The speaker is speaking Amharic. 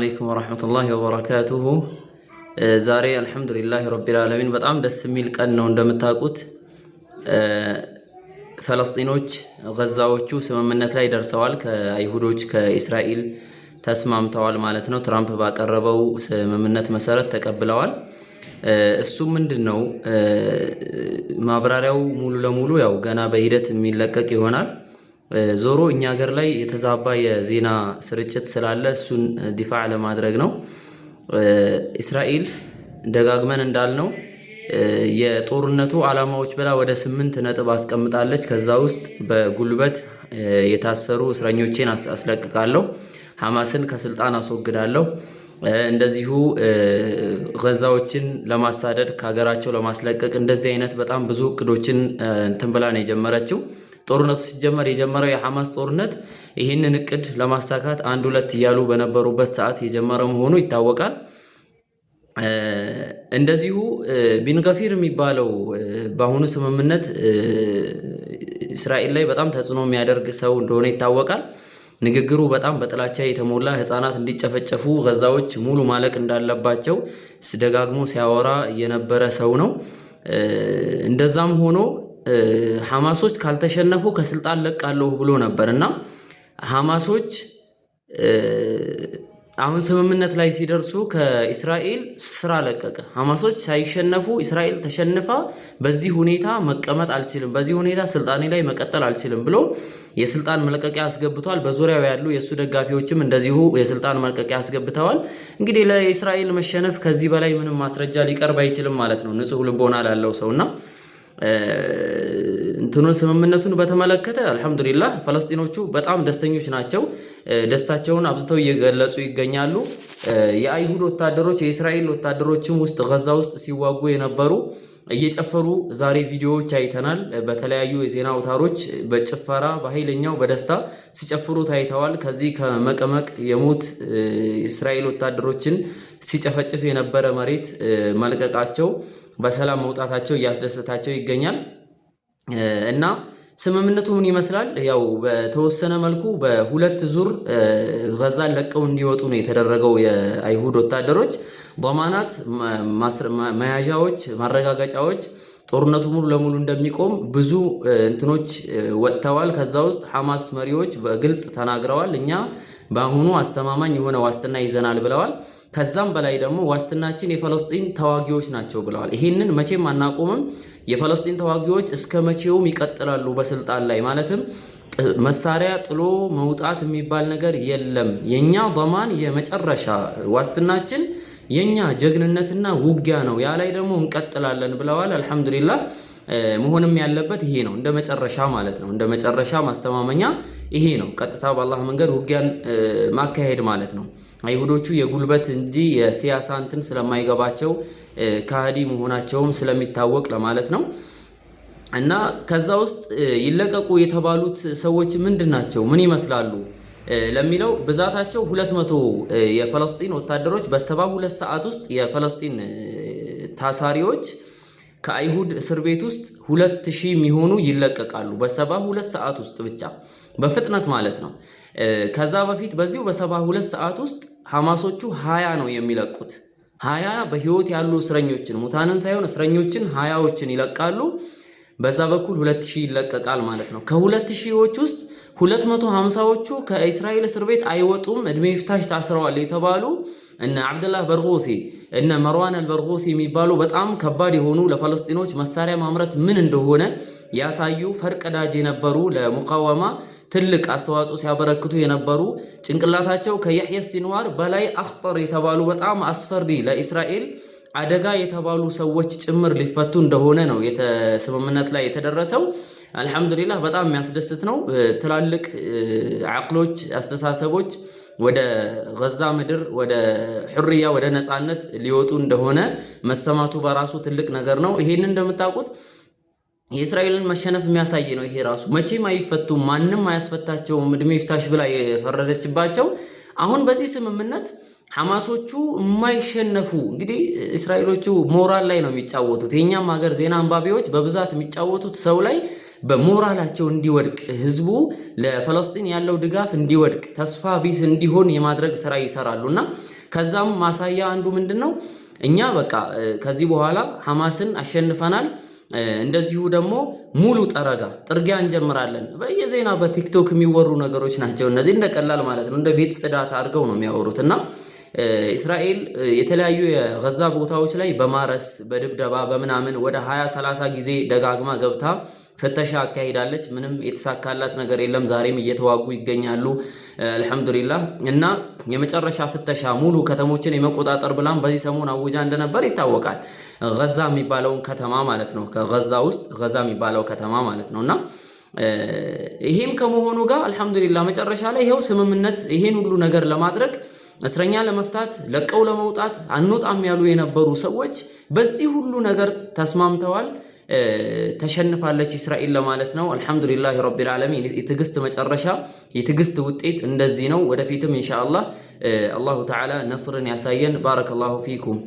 አለይኩም ወራህመቱላሂ ወበረካቱሁ። ዛሬ አልሐምዱሊላህ ረቢል ዓለሚን በጣም ደስ የሚል ቀን ነው። እንደምታውቁት ፈለስጢኖች ገዛዎቹ ስምምነት ላይ ደርሰዋል። ከአይሁዶች ከእስራኤል ተስማምተዋል ማለት ነው። ትራምፕ ባቀረበው ስምምነት መሰረት ተቀብለዋል። እሱ ምንድን ነው ማብራሪያው ሙሉ ለሙሉ ያው ገና በሂደት የሚለቀቅ ይሆናል። ዞሮ እኛ ሀገር ላይ የተዛባ የዜና ስርጭት ስላለ እሱን ዲፋዕ ለማድረግ ነው። እስራኤል ደጋግመን እንዳልነው የጦርነቱ ዓላማዎች ብላ ወደ ስምንት ነጥብ አስቀምጣለች። ከዛ ውስጥ በጉልበት የታሰሩ እስረኞቼን አስለቅቃለሁ፣ ሐማስን ከስልጣን አስወግዳለሁ፣ እንደዚሁ ገዛዎችን ለማሳደድ ከሀገራቸው ለማስለቀቅ እንደዚህ አይነት በጣም ብዙ እቅዶችን እንትን ብላ ነው የጀመረችው። ጦርነቱ ሲጀመር የጀመረው የሐማስ ጦርነት ይህንን እቅድ ለማሳካት አንድ ሁለት እያሉ በነበሩበት ሰዓት የጀመረ መሆኑ ይታወቃል። እንደዚሁ ቢንገፊር የሚባለው በአሁኑ ስምምነት እስራኤል ላይ በጣም ተጽዕኖ የሚያደርግ ሰው እንደሆነ ይታወቃል። ንግግሩ በጣም በጥላቻ የተሞላ ህፃናት እንዲጨፈጨፉ ገዛዎች ሙሉ ማለቅ እንዳለባቸው ደጋግሞ ሲያወራ የነበረ ሰው ነው። እንደዛም ሆኖ ሐማሶች ካልተሸነፉ ከስልጣን ለቃለሁ ብሎ ነበር እና ሐማሶች አሁን ስምምነት ላይ ሲደርሱ ከእስራኤል ስራ ለቀቀ። ሐማሶች ሳይሸነፉ እስራኤል ተሸንፋ በዚህ ሁኔታ መቀመጥ አልችልም፣ በዚህ ሁኔታ ስልጣኔ ላይ መቀጠል አልችልም ብሎ የስልጣን መልቀቂያ አስገብቷል። በዙሪያው ያሉ የእሱ ደጋፊዎችም እንደዚሁ የስልጣን መልቀቂያ አስገብተዋል። እንግዲህ ለእስራኤል መሸነፍ ከዚህ በላይ ምንም ማስረጃ ሊቀርብ አይችልም ማለት ነው ንጹህ ልቦና ላለው ሰውና እንትኑን ስምምነቱን በተመለከተ አልሐምዱሊላህ ፈለስጢኖቹ በጣም ደስተኞች ናቸው። ደስታቸውን አብዝተው እየገለጹ ይገኛሉ። የአይሁድ ወታደሮች የእስራኤል ወታደሮችም ውስጥ ገዛ ውስጥ ሲዋጉ የነበሩ እየጨፈሩ ዛሬ ቪዲዮዎች አይተናል። በተለያዩ የዜና አውታሮች በጭፈራ በኃይለኛው በደስታ ሲጨፍሩ ታይተዋል። ከዚህ ከመቀመቅ የሞት እስራኤል ወታደሮችን ሲጨፈጭፍ የነበረ መሬት መልቀቃቸው በሰላም መውጣታቸው እያስደሰታቸው ይገኛል እና ስምምነቱ ምን ይመስላል? ያው በተወሰነ መልኩ በሁለት ዙር ጋዛን ለቀው እንዲወጡ ነው የተደረገው። የአይሁድ ወታደሮች በማናት መያዣዎች፣ ማረጋገጫዎች ጦርነቱ ሙሉ ለሙሉ እንደሚቆም ብዙ እንትኖች ወጥተዋል። ከዛ ውስጥ ሐማስ መሪዎች በግልጽ ተናግረዋል። እኛ በአሁኑ አስተማማኝ የሆነ ዋስትና ይዘናል ብለዋል። ከዛም በላይ ደግሞ ዋስትናችን የፈለስጢን ተዋጊዎች ናቸው ብለዋል። ይህንን መቼም አናቆምም። የፈለስጢን ተዋጊዎች እስከ መቼውም ይቀጥላሉ በስልጣን ላይ ማለትም መሳሪያ ጥሎ መውጣት የሚባል ነገር የለም። የእኛ ዘማን የመጨረሻ ዋስትናችን የእኛ ጀግንነትና ውጊያ ነው። ያ ላይ ደግሞ እንቀጥላለን ብለዋል። አልሐምዱሊላህ መሆንም ያለበት ይሄ ነው፣ እንደ መጨረሻ ማለት ነው። እንደ መጨረሻ ማስተማመኛ ይሄ ነው። ቀጥታ በአላህ መንገድ ውጊያን ማካሄድ ማለት ነው። አይሁዶቹ የጉልበት እንጂ የሲያሳ እንትን ስለማይገባቸው ከሃዲ መሆናቸውም ስለሚታወቅ ለማለት ነው። እና ከዛ ውስጥ ይለቀቁ የተባሉት ሰዎች ምንድን ናቸው? ምን ይመስላሉ? ለሚለው ብዛታቸው 200 የፈለስጢን ወታደሮች በ ሁለት ሰዓት ውስጥ የፈለስጢን ታሳሪዎች ከአይሁድ እስር ቤት ውስጥ 2000 የሚሆኑ ይለቀቃሉ። ሁለት ሰዓት ውስጥ ብቻ በፍጥነት ማለት ነው። ከዛ በፊት በዚሁ በ ሁለት ሰዓት ውስጥ ሐማሶቹ 20 ነው የሚለቁት። 20 በህይወት ያሉ እስረኞችን ሙታንን ሳይሆን እስረኞችን 20ዎችን ይለቃሉ። በዛ በኩል 2000 ይለቀቃል ማለት ነው። ከ2000ዎች ውስጥ ሁለት መቶ ሃምሳዎቹ ከእስራኤል እስር ቤት አይወጡም፣ እድሜ ፍታሽ ታስረዋል የተባሉ እነ አብደላህ በርጎሲ እነ መርዋን አልበርጎሲ የሚባሉ በጣም ከባድ የሆኑ ለፈለስጢኖች መሳሪያ ማምረት ምን እንደሆነ ያሳዩ ፈርቀዳጅ የነበሩ ለሙቃወማ ትልቅ አስተዋጽኦ ሲያበረክቱ የነበሩ ጭንቅላታቸው ከያሕያ ሲንዋር በላይ አክጠር የተባሉ በጣም አስፈሪ ለእስራኤል አደጋ የተባሉ ሰዎች ጭምር ሊፈቱ እንደሆነ ነው ስምምነት ላይ የተደረሰው። አልሐምዱሊላህ በጣም የሚያስደስት ነው። ትላልቅ አቅሎች፣ አስተሳሰቦች ወደ ገዛ ምድር ወደ ሑርያ ወደ ነፃነት ሊወጡ እንደሆነ መሰማቱ በራሱ ትልቅ ነገር ነው። ይሄን እንደምታውቁት የእስራኤልን መሸነፍ የሚያሳይ ነው። ይሄ ራሱ መቼም አይፈቱም፣ ማንም አያስፈታቸውም። እድሜ ይፍታሽ ብላ የፈረደችባቸው አሁን በዚህ ስምምነት ሐማሶቹ የማይሸነፉ እንግዲህ እስራኤሎቹ ሞራል ላይ ነው የሚጫወቱት። የእኛም ሀገር ዜና አንባቢዎች በብዛት የሚጫወቱት ሰው ላይ በሞራላቸው እንዲወድቅ ህዝቡ ለፈለስጢን ያለው ድጋፍ እንዲወድቅ ተስፋ ቢስ እንዲሆን የማድረግ ስራ ይሰራሉና ከዛም ማሳያ አንዱ ምንድን ነው? እኛ በቃ ከዚህ በኋላ ሐማስን አሸንፈናል፣ እንደዚሁ ደግሞ ሙሉ ጠረጋ ጥርጊያ እንጀምራለን። በየዜና በቲክቶክ የሚወሩ ነገሮች ናቸው እነዚህ፣ እንደ ቀላል ማለት ነው እንደ ቤት ጽዳት አድርገው ነው የሚያወሩት እና እስራኤል የተለያዩ የገዛ ቦታዎች ላይ በማረስ በድብደባ በምናምን ወደ 20 30 ጊዜ ደጋግማ ገብታ ፍተሻ አካሂዳለች። ምንም የተሳካላት ነገር የለም። ዛሬም እየተዋጉ ይገኛሉ። አልሐምዱሊላህ እና የመጨረሻ ፍተሻ ሙሉ ከተሞችን የመቆጣጠር ብላም በዚህ ሰሞን አውጃ እንደነበር ይታወቃል። ገዛ የሚባለውን ከተማ ማለት ነው። ከገዛ ውስጥ ገዛ የሚባለው ከተማ ማለት ነው እና ይሄም ከመሆኑ ጋር አልሐምዱሊላህ መጨረሻ ላይ ይኸው ስምምነት ይሄን ሁሉ ነገር ለማድረግ እስረኛ ለመፍታት ለቀው ለመውጣት አንወጣም ያሉ የነበሩ ሰዎች በዚህ ሁሉ ነገር ተስማምተዋል። ተሸንፋለች እስራኤል ለማለት ነው። አልሐምዱሊላህ ረቢል ዓለሚን። የትዕግስት መጨረሻ የትዕግስት ውጤት እንደዚህ ነው። ወደፊትም ኢንሻአላህ አላሁ ተዓላ ነስርን ያሳየን። ባረከላሁ ፊኩም